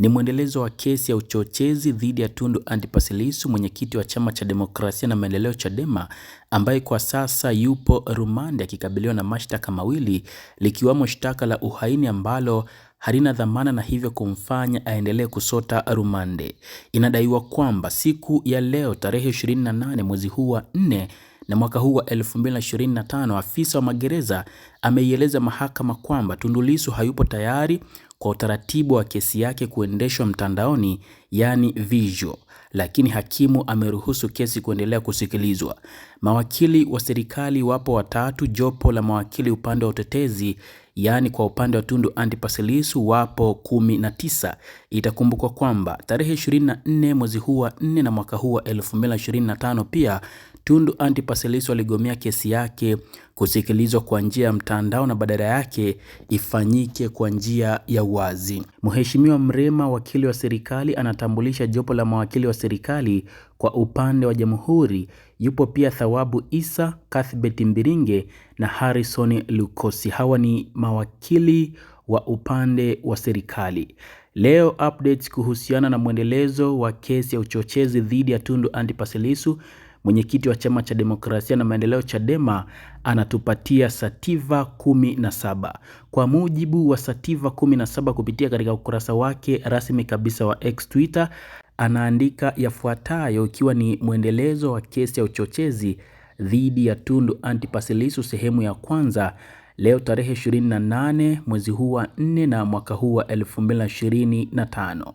ni mwendelezo wa kesi ya uchochezi dhidi ya Tundu Antipas Lissu, mwenyekiti wa chama cha demokrasia na maendeleo Chadema, ambaye kwa sasa yupo rumande akikabiliwa na mashtaka mawili likiwamo shtaka la uhaini ambalo halina dhamana na hivyo kumfanya aendelee kusota rumande. Inadaiwa kwamba siku ya leo tarehe 28 mwezi huu wa 4 na mwaka huu wa 2025 afisa wa magereza ameieleza mahakama kwamba Tundu Lissu hayupo tayari kwa utaratibu wa kesi yake kuendeshwa mtandaoni, yani visual, lakini hakimu ameruhusu kesi kuendelea kusikilizwa. Mawakili wa serikali wapo watatu. Jopo la mawakili upande wa utetezi, yaani kwa upande wa Tundu Antipas Lissu wapo kumi na tisa. Itakumbukwa kwamba tarehe 24 mwezi huu wa 4 na mwaka huu wa 2025 pia Tundu Antipas Lissu aligomea kesi yake kusikilizwa kwa njia ya mtandao na badala yake ifanyike kwa njia ya uwazi. Mheshimiwa Mrema, wakili wa serikali, anatambulisha jopo la mawakili wa serikali kwa upande wa jamhuri. Yupo pia Thawabu Isa, Cuthbert Mbiringe na Harrison Lukosi. Hawa ni mawakili wa upande wa serikali. Leo updates kuhusiana na mwendelezo wa kesi ya uchochezi dhidi ya Tundu Antipas Lissu mwenyekiti wa chama cha demokrasia na maendeleo Chadema anatupatia sativa 17. Kwa mujibu wa sativa 17 kupitia katika ukurasa wake rasmi kabisa wa X Twitter, anaandika yafuatayo ikiwa ni mwendelezo wa kesi ya uchochezi dhidi ya Tundu Antipas Lissu sehemu ya kwanza leo tarehe 28 mwezi huu wa 4 na mwaka huu wa 2025.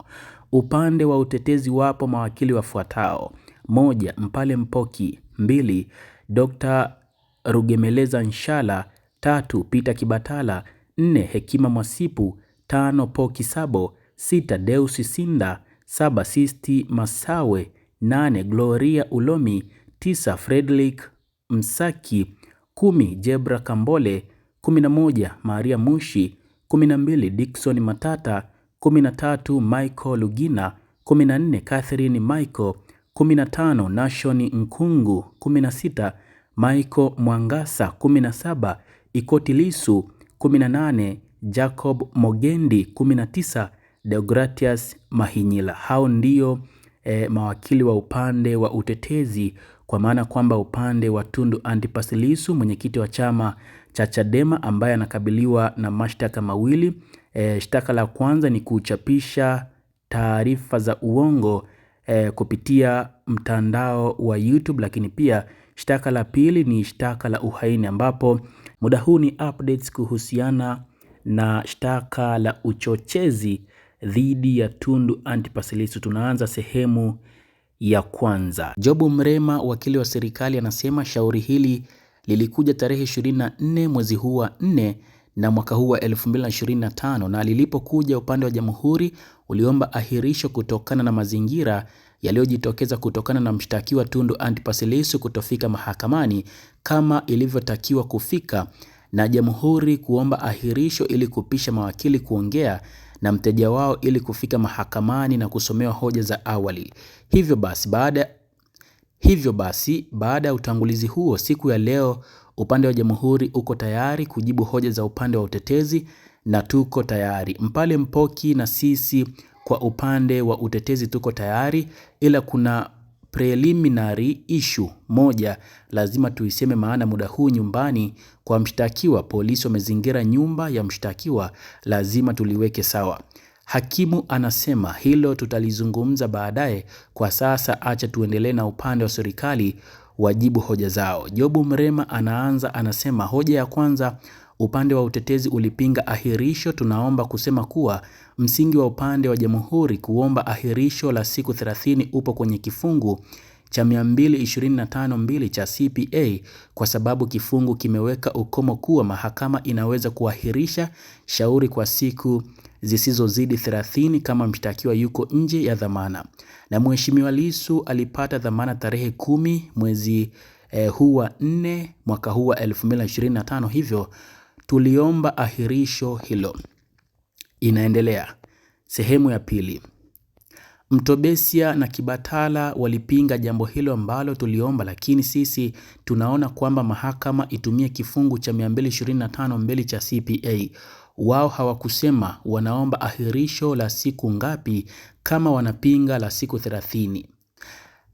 Upande wa utetezi wapo mawakili wafuatao: moja Mpale Mpoki mbili Dr. Rugemeleza Nshala tatu Pita Kibatala nne Hekima Mwasipu tano Poki Sabo sita Deusi Sinda saba Sisti Masawe nane Gloria Ulomi tisa Frederick Msaki kumi Jebra Kambole kumi na moja Maria Mushi kumi na mbili Dickson Matata kumi na tatu Michael Lugina kumi na nne Catherine Michael 15 Nashon Nkungu 16 Michael Mwangasa 17 Ikoti Lisu 18 Jacob Mogendi 19 Deogratias Mahinyila. Hao ndio e, mawakili wa upande wa utetezi kwa maana kwamba upande wa Tundu Antipas mwenyekiti wa chama cha Chadema ambaye anakabiliwa na mashtaka mawili e, shtaka la kwanza ni kuchapisha taarifa za uongo eh, kupitia mtandao wa YouTube, lakini pia shtaka la pili ni shtaka la uhaini, ambapo muda huu ni updates kuhusiana na shtaka la uchochezi dhidi ya Tundu Antipas Lissu. Tunaanza sehemu ya kwanza. Jobu Mrema, wakili wa serikali, anasema shauri hili lilikuja tarehe 24 mwezi huu wa na mwaka huu wa 2025 na lilipokuja upande wa jamhuri uliomba ahirisho kutokana na mazingira yaliyojitokeza kutokana na mshtakiwa Tundu Antipas Lissu kutofika mahakamani kama ilivyotakiwa kufika na jamhuri kuomba ahirisho ili kupisha mawakili kuongea na mteja wao ili kufika mahakamani na kusomewa hoja za awali. Hivyo basi baada hivyo basi baada ya utangulizi huo, siku ya leo Upande wa jamhuri uko tayari kujibu hoja za upande wa utetezi na tuko tayari. Mpale Mpoki na sisi kwa upande wa utetezi tuko tayari, ila kuna preliminary issue moja lazima tuiseme, maana muda huu nyumbani kwa mshtakiwa, polisi wamezingira nyumba ya mshtakiwa, lazima tuliweke sawa. Hakimu anasema hilo tutalizungumza baadaye, kwa sasa acha tuendelee na upande wa serikali wajibu hoja zao. Jobu Mrema anaanza anasema, hoja ya kwanza upande wa utetezi ulipinga ahirisho. Tunaomba kusema kuwa msingi wa upande wa jamhuri kuomba ahirisho la siku 30 upo kwenye kifungu cha 225.2 cha CPA kwa sababu kifungu kimeweka ukomo kuwa mahakama inaweza kuahirisha shauri kwa siku zisizozidi 30 kama mshtakiwa yuko nje ya dhamana. Na Mheshimiwa Lissu alipata dhamana tarehe kumi mwezi eh, huu wa nne mwaka huu wa 2025, hivyo tuliomba ahirisho hilo. Inaendelea sehemu ya pili. Mtobesia na Kibatala walipinga jambo hilo ambalo tuliomba, lakini sisi tunaona kwamba mahakama itumie kifungu cha 225 mbili cha CPA wao hawakusema wanaomba ahirisho la siku ngapi kama wanapinga la siku thelathini.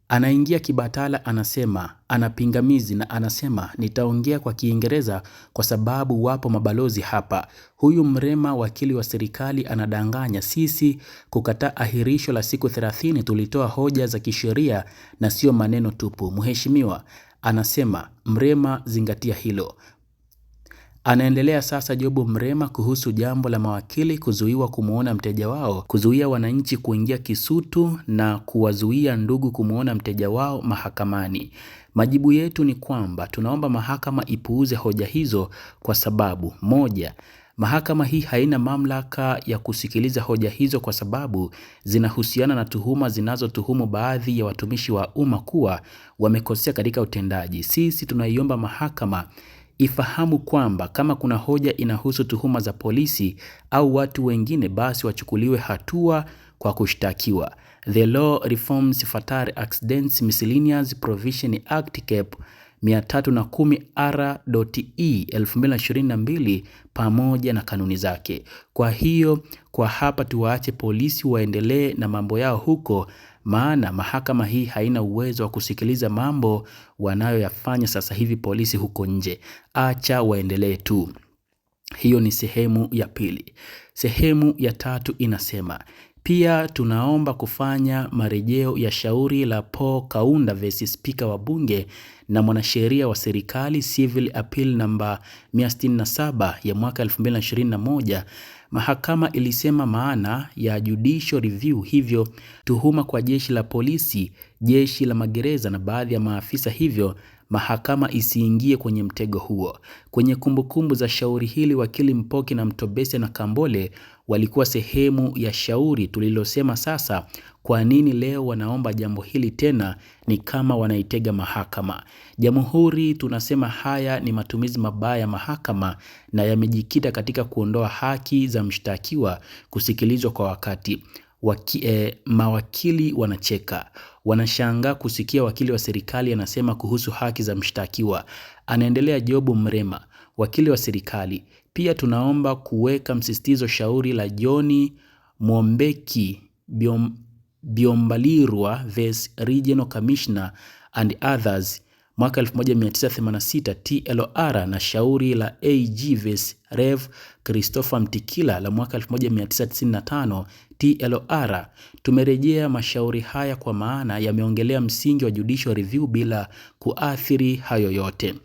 Anaingia kibatala anasema ana pingamizi na anasema nitaongea kwa Kiingereza kwa sababu wapo mabalozi hapa. Huyu Mrema wakili wa serikali anadanganya. Sisi kukataa ahirisho la siku thelathini tulitoa hoja za kisheria na sio maneno tupu. Mheshimiwa, anasema Mrema, zingatia hilo. Anaendelea sasa Jobu Mrema kuhusu jambo la mawakili kuzuiwa kumwona mteja wao, kuzuia wananchi kuingia Kisutu na kuwazuia ndugu kumwona mteja wao mahakamani. Majibu yetu ni kwamba tunaomba mahakama ipuuze hoja hizo kwa sababu moja, mahakama hii haina mamlaka ya kusikiliza hoja hizo kwa sababu zinahusiana na tuhuma zinazotuhumu baadhi ya watumishi wa umma kuwa wamekosea katika utendaji. Sisi tunaiomba mahakama ifahamu kwamba kama kuna hoja inahusu tuhuma za polisi au watu wengine, basi wachukuliwe hatua kwa kushtakiwa. The Law Reforms Fatal Accidents Miscellaneous Provision Act Cap 310 R.E 2022 pamoja na kanuni zake. Kwa hiyo kwa hapa tuwaache polisi waendelee na mambo yao huko maana mahakama hii haina uwezo wa kusikiliza mambo wanayoyafanya sasa hivi polisi huko nje. Acha waendelee tu. Hiyo ni sehemu ya pili. Sehemu ya tatu inasema pia tunaomba kufanya marejeo ya shauri la Paul Kaunda vs Spika wa Bunge na mwanasheria wa serikali Civil Appeal namba 167 ya mwaka 2021. Mahakama ilisema maana ya judicial review, hivyo tuhuma kwa jeshi la polisi, jeshi la magereza na baadhi ya maafisa, hivyo mahakama isiingie kwenye mtego huo. Kwenye kumbukumbu za shauri hili, wakili Mpoki na Mtobese na Kambole walikuwa sehemu ya shauri tulilosema sasa. Kwa nini leo wanaomba jambo hili tena? Ni kama wanaitega mahakama. Jamhuri tunasema haya ni matumizi mabaya ya mahakama na yamejikita katika kuondoa haki za mshtakiwa kusikilizwa kwa wakati. Waki, eh, mawakili wanacheka, wanashangaa kusikia wakili wa serikali anasema kuhusu haki za mshtakiwa. Anaendelea Jobu Mrema, wakili wa serikali, pia tunaomba kuweka msisitizo shauri la John Mwombeki Biom, Biombalirwa vs Regional Commissioner and others mwaka 1986 TLR na shauri la AG vs Rev Christopher Mtikila la mwaka 1995 TLR. Tumerejea mashauri haya kwa maana yameongelea msingi wa judicial review bila kuathiri hayo yote.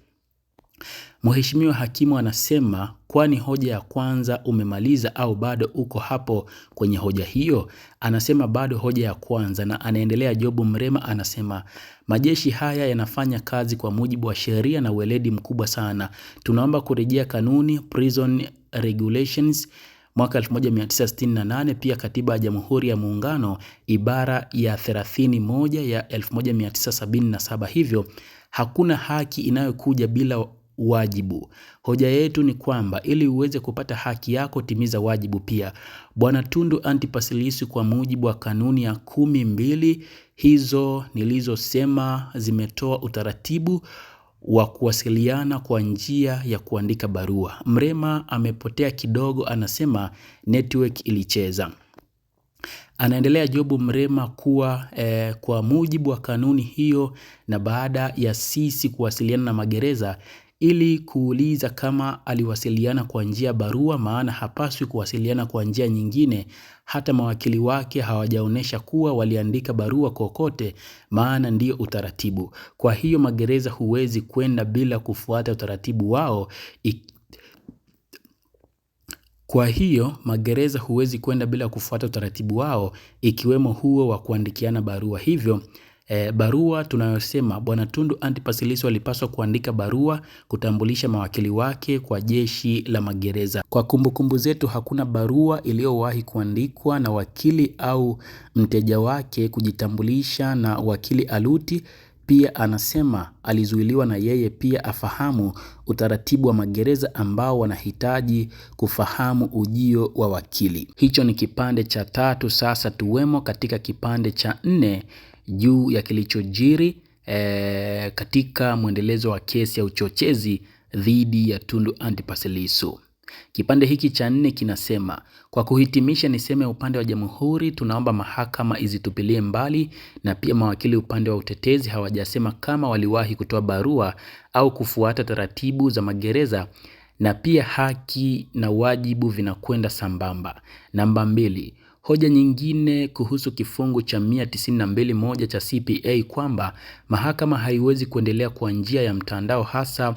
Mheshimiwa hakimu anasema kwani hoja ya kwanza umemaliza au bado uko hapo kwenye hoja hiyo? Anasema bado hoja ya kwanza, na anaendelea. Jobu Mrema anasema majeshi haya yanafanya kazi kwa mujibu wa sheria na weledi mkubwa sana. Tunaomba kurejea kanuni prison regulations mwaka 1968 pia katiba ya Jamhuri ya Muungano ibara ya 31 ya 1977. Hivyo hakuna haki inayokuja bila wajibu. Hoja yetu ni kwamba ili uweze kupata haki yako, timiza wajibu pia. Bwana Tundu Antipas Lissu, kwa mujibu wa kanuni ya kumi mbili hizo nilizosema, zimetoa utaratibu wa kuwasiliana kwa njia ya kuandika barua. Mrema amepotea kidogo, anasema network ilicheza. Anaendelea Jobu Mrema kuwa eh, kwa mujibu wa kanuni hiyo na baada ya sisi kuwasiliana na magereza ili kuuliza kama aliwasiliana kwa njia barua maana hapaswi kuwasiliana kwa njia nyingine hata mawakili wake hawajaonesha kuwa waliandika barua kokote maana ndio utaratibu. Kwa hiyo magereza huwezi kwenda bila kufuata utaratibu wao Kwa hiyo magereza huwezi kwenda bila kufuata utaratibu wao ikiwemo huo wa kuandikiana barua hivyo E, barua tunayosema Bwana Tundu Antipas Lissu alipaswa kuandika barua kutambulisha mawakili wake kwa jeshi la magereza. Kwa kumbukumbu kumbu zetu, hakuna barua iliyowahi kuandikwa na wakili au mteja wake kujitambulisha, na wakili Aluti pia anasema alizuiliwa na yeye pia afahamu utaratibu wa magereza ambao wanahitaji kufahamu ujio wa wakili. Hicho ni kipande cha tatu. Sasa tuwemo katika kipande cha nne juu ya kilichojiri e, katika mwendelezo wa kesi ya uchochezi dhidi ya Tundu Antipas Lissu. Kipande hiki cha nne kinasema, kwa kuhitimisha, niseme upande wa jamhuri tunaomba mahakama izitupilie mbali, na pia mawakili upande wa utetezi hawajasema kama waliwahi kutoa barua au kufuata taratibu za magereza, na pia haki na wajibu vinakwenda sambamba. Namba mbili, Hoja nyingine kuhusu kifungu cha 192.1 cha CPA kwamba mahakama haiwezi kuendelea kwa njia ya mtandao hasa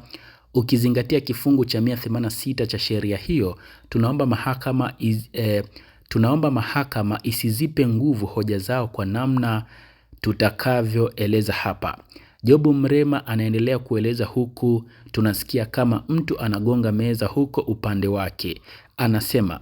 ukizingatia kifungu cha 186 cha sheria hiyo. Tunaomba mahakama iz, eh, tunaomba mahakama isizipe nguvu hoja zao kwa namna tutakavyoeleza hapa. Jobu Mrema anaendelea kueleza huku tunasikia kama mtu anagonga meza huko upande wake. Anasema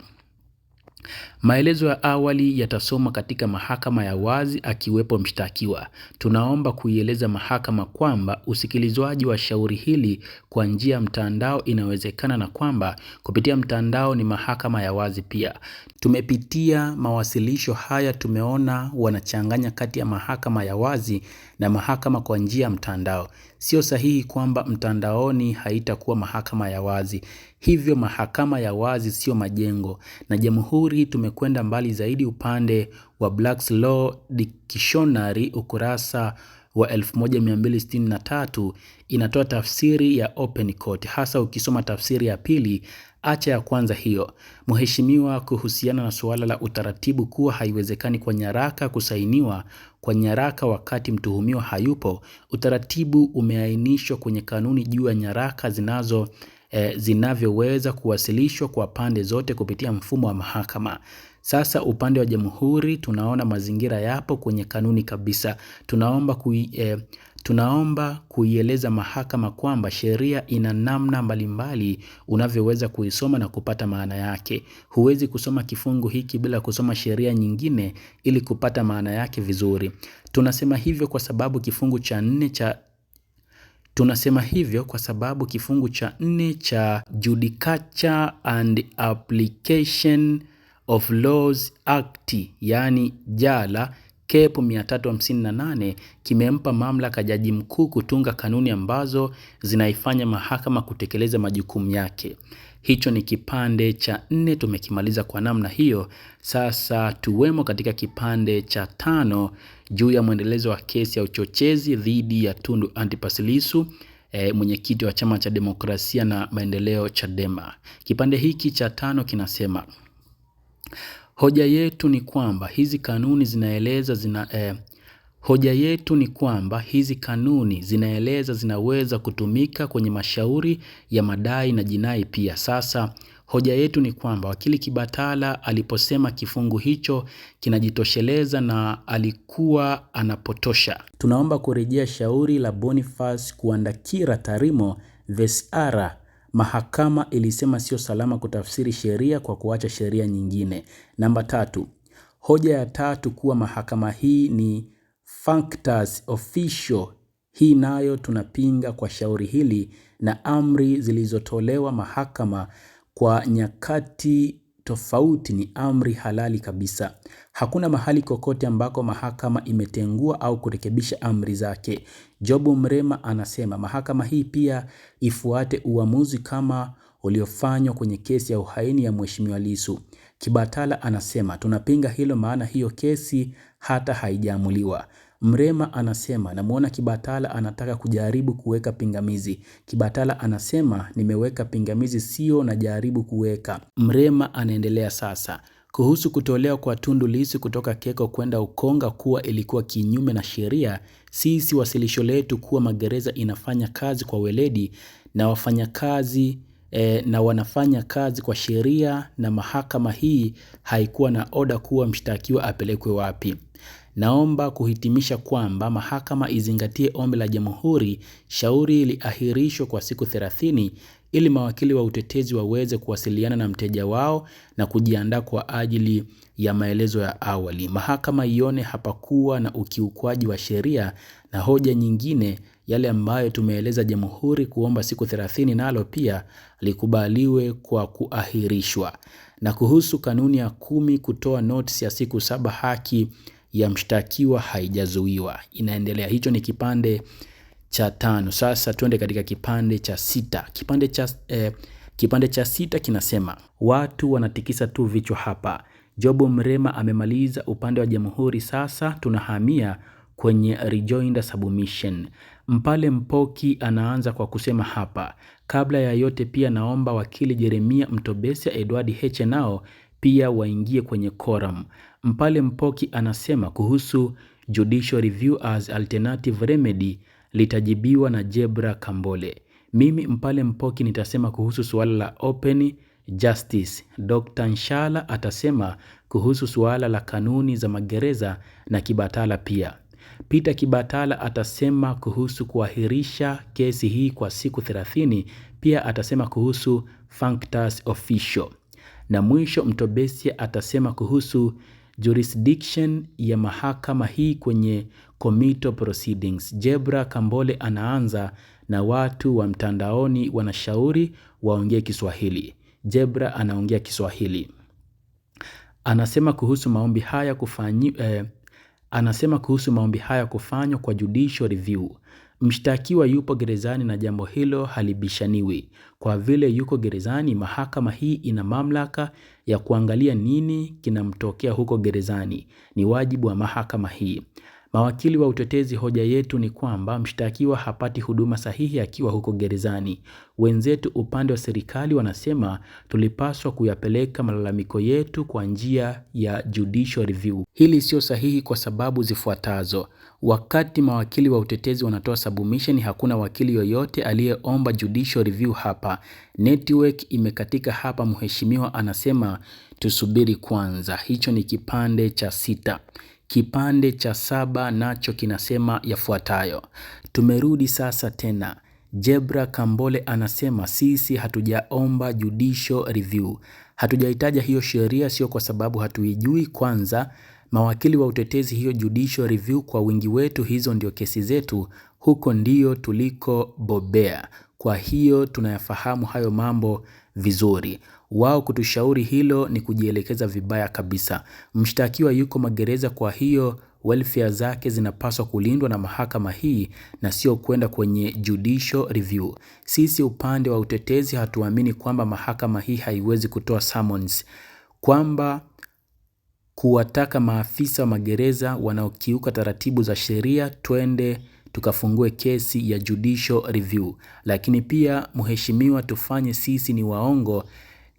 Maelezo ya awali yatasoma katika mahakama ya wazi akiwepo mshtakiwa. Tunaomba kuieleza mahakama kwamba usikilizwaji wa shauri hili kwa njia ya mtandao inawezekana na kwamba kupitia mtandao ni mahakama ya wazi pia. Tumepitia mawasilisho haya, tumeona wanachanganya kati ya mahakama ya wazi na mahakama kwa njia ya mtandao. Sio sahihi kwamba mtandaoni haitakuwa mahakama ya wazi. Hivyo mahakama ya wazi sio majengo, na jamhuri tumekwenda mbali zaidi upande wa Black's Law Dictionary ukurasa wa 1263 inatoa tafsiri ya open court, hasa ukisoma tafsiri ya pili acha ya kwanza hiyo, mheshimiwa, kuhusiana na suala la utaratibu, kuwa haiwezekani kwa nyaraka kusainiwa kwa nyaraka wakati mtuhumiwa hayupo. Utaratibu umeainishwa kwenye kanuni juu ya nyaraka zinazo e, zinavyoweza kuwasilishwa kwa pande zote kupitia mfumo wa mahakama. Sasa upande wa jamhuri tunaona mazingira yapo kwenye kanuni kabisa. Tunaomba kui, e, tunaomba kuieleza mahakama kwamba sheria ina namna mbalimbali unavyoweza kuisoma na kupata maana yake. Huwezi kusoma kifungu hiki bila kusoma sheria nyingine ili kupata maana yake vizuri. Tunasema hivyo kwa sababu kifungu cha nne cha Tunasema hivyo kwa sababu kifungu cha nne cha Judicature and Application of Laws Act, yani jala cap 358 kimempa mamlaka jaji mkuu kutunga kanuni ambazo zinaifanya mahakama kutekeleza majukumu yake. Hicho ni kipande cha nne, tumekimaliza kwa namna hiyo. Sasa tuwemo katika kipande cha tano juu ya mwendelezo wa kesi ya uchochezi dhidi ya Tundu Antipas Lissu E, mwenyekiti wa Chama cha Demokrasia na Maendeleo Chadema. Kipande hiki cha tano kinasema hoja yetu ni kwamba hizi kanuni zinaeleza zina, e, Hoja yetu ni kwamba hizi kanuni zinaeleza zinaweza kutumika kwenye mashauri ya madai na jinai pia. Sasa hoja yetu ni kwamba wakili Kibatala aliposema kifungu hicho kinajitosheleza na alikuwa anapotosha. Tunaomba kurejea shauri la Boniface Kuandakira Tarimo Vesara. Mahakama ilisema sio salama kutafsiri sheria kwa kuacha sheria nyingine. Namba tatu. Hoja ya tatu kuwa mahakama hii ni Factors Official. Hii nayo tunapinga kwa shauri hili na amri zilizotolewa mahakama kwa nyakati tofauti ni amri halali kabisa. Hakuna mahali kokote ambako mahakama imetengua au kurekebisha amri zake. Jobu Mrema anasema mahakama hii pia ifuate uamuzi kama uliofanywa kwenye kesi ya uhaini ya Mheshimiwa lisu Kibatala anasema tunapinga hilo maana hiyo kesi hata haijaamuliwa. Mrema anasema namwona Kibatala anataka kujaribu kuweka pingamizi. Kibatala anasema nimeweka pingamizi sio najaribu kuweka. Mrema anaendelea sasa kuhusu kutolewa kwa Tundu Lissu kutoka Keko kwenda Ukonga kuwa ilikuwa kinyume na sheria. Sisi wasilisho letu kuwa magereza inafanya kazi kwa weledi na wafanyakazi e, eh, na wanafanya kazi kwa sheria na mahakama hii haikuwa na oda kuwa mshtakiwa apelekwe wapi. Naomba kuhitimisha kwamba mahakama izingatie ombi la jamhuri, shauri liahirishwe kwa siku 30 ili mawakili wa utetezi waweze kuwasiliana na mteja wao na kujiandaa kwa ajili ya maelezo ya awali. Mahakama ione hapakuwa na ukiukwaji wa sheria na hoja nyingine yale ambayo tumeeleza jamhuri kuomba siku 30 nalo pia likubaliwe kwa kuahirishwa. Na kuhusu kanuni ya kumi kutoa notisi ya siku saba haki ya mshtakiwa haijazuiwa, inaendelea. Hicho ni kipande cha tano. Sasa twende katika kipande cha sita. Kipande cha eh, kipande cha sita kinasema watu wanatikisa tu vichwa hapa. jobo Mrema amemaliza upande wa Jamhuri, sasa tunahamia kwenye rejoinder submission. Mpale Mpoki anaanza kwa kusema hapa, kabla ya yote pia naomba wakili Jeremia Mtobesia, Edward Heche nao pia waingie kwenye quorum. Mpale Mpoki anasema kuhusu judicial review as alternative remedy litajibiwa na Jebra Kambole. Mimi Mpale Mpoki nitasema kuhusu suala la open justice. Dr. Nshala atasema kuhusu suala la kanuni za magereza na Kibatala pia. Peter Kibatala atasema kuhusu kuahirisha kesi hii kwa siku 30, pia atasema kuhusu functus official. Na mwisho Mtobesia atasema kuhusu jurisdiction ya mahakama hii kwenye Komito proceedings. Jebra Kambole anaanza na watu wa mtandaoni wanashauri waongee Kiswahili. Jebra anaongea Kiswahili. Anasema kuhusu maombi haya kufanywa eh, anasema kuhusu maombi haya kufanywa kwa judicial review. Mshtakiwa yupo gerezani na jambo hilo halibishaniwi. Kwa vile yuko gerezani, mahakama hii ina mamlaka ya kuangalia nini kinamtokea huko gerezani. Ni wajibu wa mahakama hii. Mawakili wa utetezi hoja yetu ni kwamba mshtakiwa hapati huduma sahihi akiwa huko gerezani. Wenzetu upande wa serikali wanasema tulipaswa kuyapeleka malalamiko yetu kwa njia ya judicial review. Hili sio sahihi kwa sababu zifuatazo. Wakati mawakili wa utetezi wanatoa submission, hakuna wakili yoyote aliyeomba judicial review hapa. Network imekatika hapa, mheshimiwa anasema tusubiri kwanza. Hicho ni kipande cha sita. Kipande cha saba nacho kinasema yafuatayo: tumerudi sasa tena. Jebra Kambole anasema sisi hatujaomba judicial review, hatujahitaja hiyo sheria, sio kwa sababu hatuijui. Kwanza mawakili wa utetezi, hiyo judicial review kwa wingi wetu, hizo ndio kesi zetu, huko ndio tulikobobea. Kwa hiyo tunayafahamu hayo mambo vizuri. Wao kutushauri hilo ni kujielekeza vibaya kabisa. Mshtakiwa yuko magereza kwa hiyo welfare zake zinapaswa kulindwa na mahakama hii na sio kwenda kwenye judicial review. Sisi upande wa utetezi hatuamini kwamba mahakama hii haiwezi kutoa summons. Kwamba kuwataka maafisa wa magereza wanaokiuka taratibu za sheria twende tukafungue kesi ya judicial review, lakini pia mheshimiwa, tufanye sisi ni waongo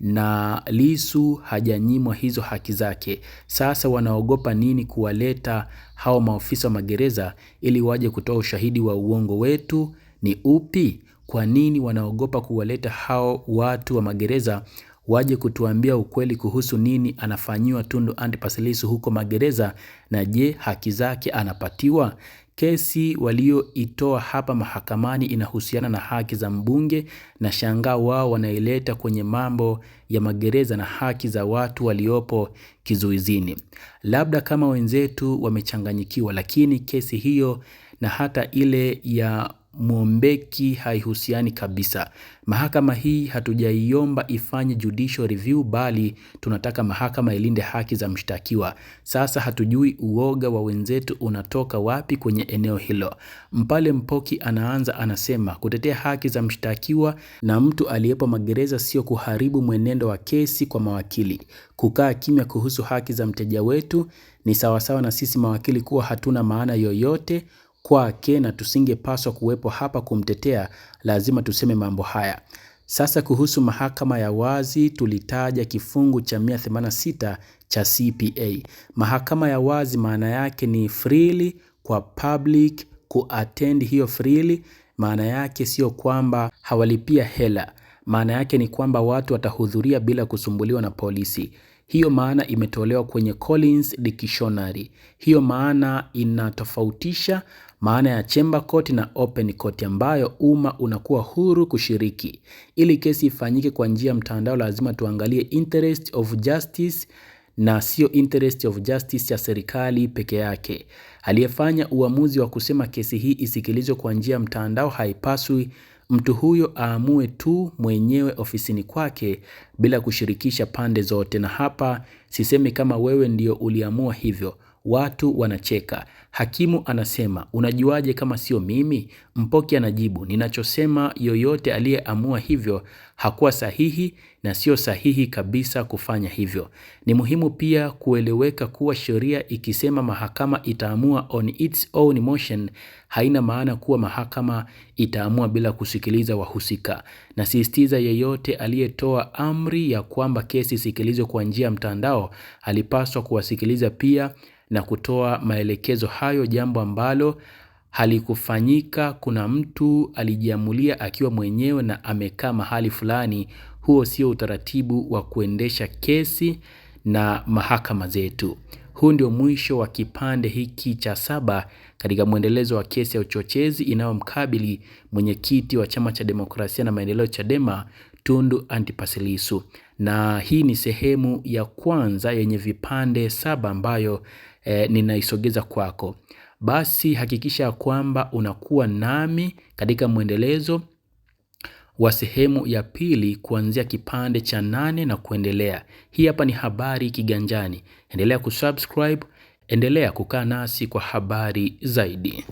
na lisu hajanyimwa hizo haki zake. Sasa wanaogopa nini kuwaleta hao maofisa wa magereza ili waje kutoa ushahidi wa uongo wetu ni upi? Kwa nini wanaogopa kuwaleta hao watu wa magereza waje kutuambia ukweli kuhusu nini anafanyiwa Tundu Antipas Lissu huko magereza, na je, haki zake anapatiwa? Kesi walioitoa hapa mahakamani inahusiana na haki za mbunge na shangaa wao wanaileta kwenye mambo ya magereza na haki za watu waliopo kizuizini. Labda kama wenzetu wamechanganyikiwa, lakini kesi hiyo na hata ile ya Mwombeki haihusiani kabisa. Mahakama hii hatujaiomba ifanye judicial review, bali tunataka mahakama ilinde haki za mshtakiwa. Sasa hatujui uoga wa wenzetu unatoka wapi kwenye eneo hilo. Mpale Mpoki anaanza anasema, kutetea haki za mshtakiwa na mtu aliyepo magereza sio kuharibu mwenendo wa kesi kwa mawakili. Kukaa kimya kuhusu haki za mteja wetu ni sawasawa na sisi mawakili kuwa hatuna maana yoyote kwake na tusingepaswa kuwepo hapa kumtetea, lazima tuseme mambo haya. Sasa kuhusu mahakama ya wazi tulitaja kifungu cha 186 cha CPA. Mahakama ya wazi maana yake ni freely kwa public kuattend hiyo freely, maana yake sio kwamba hawalipia hela, maana yake ni kwamba watu watahudhuria bila kusumbuliwa na polisi. Hiyo maana imetolewa kwenye Collins Dictionary. Hiyo maana inatofautisha maana ya chamber court na open court ambayo umma unakuwa huru kushiriki. Ili kesi ifanyike kwa njia ya mtandao, lazima tuangalie interest of justice na sio interest of justice ya serikali peke yake. Aliyefanya uamuzi wa kusema kesi hii isikilizwe kwa njia ya mtandao haipaswi mtu huyo aamue tu mwenyewe ofisini kwake bila kushirikisha pande zote. Na hapa sisemi kama wewe ndio uliamua hivyo, Watu wanacheka. Hakimu anasema, unajuaje kama sio mimi? Mpoki anajibu, ninachosema yoyote aliyeamua hivyo hakuwa sahihi na sio sahihi kabisa kufanya hivyo. Ni muhimu pia kueleweka kuwa sheria ikisema mahakama itaamua on its own motion, haina maana kuwa mahakama itaamua bila kusikiliza wahusika. Nasisitiza, yeyote aliyetoa amri ya kwamba kesi isikilizwe kwa njia ya mtandao alipaswa kuwasikiliza pia na kutoa maelekezo hayo, jambo ambalo halikufanyika. Kuna mtu alijiamulia akiwa mwenyewe na amekaa mahali fulani. Huo sio utaratibu wa kuendesha kesi na mahakama zetu. Huu ndio mwisho wa kipande hiki cha saba katika mwendelezo wa kesi ya uchochezi inayomkabili mwenyekiti wa Chama cha Demokrasia na Maendeleo Chadema Tundu Antipas Lissu, na hii ni sehemu ya kwanza yenye vipande saba ambayo e, ninaisogeza kwako, basi hakikisha kwamba unakuwa nami katika mwendelezo wa sehemu ya pili kuanzia kipande cha nane na kuendelea. Hii hapa ni Habari Kiganjani. Endelea kusubscribe, endelea kukaa nasi kwa habari zaidi.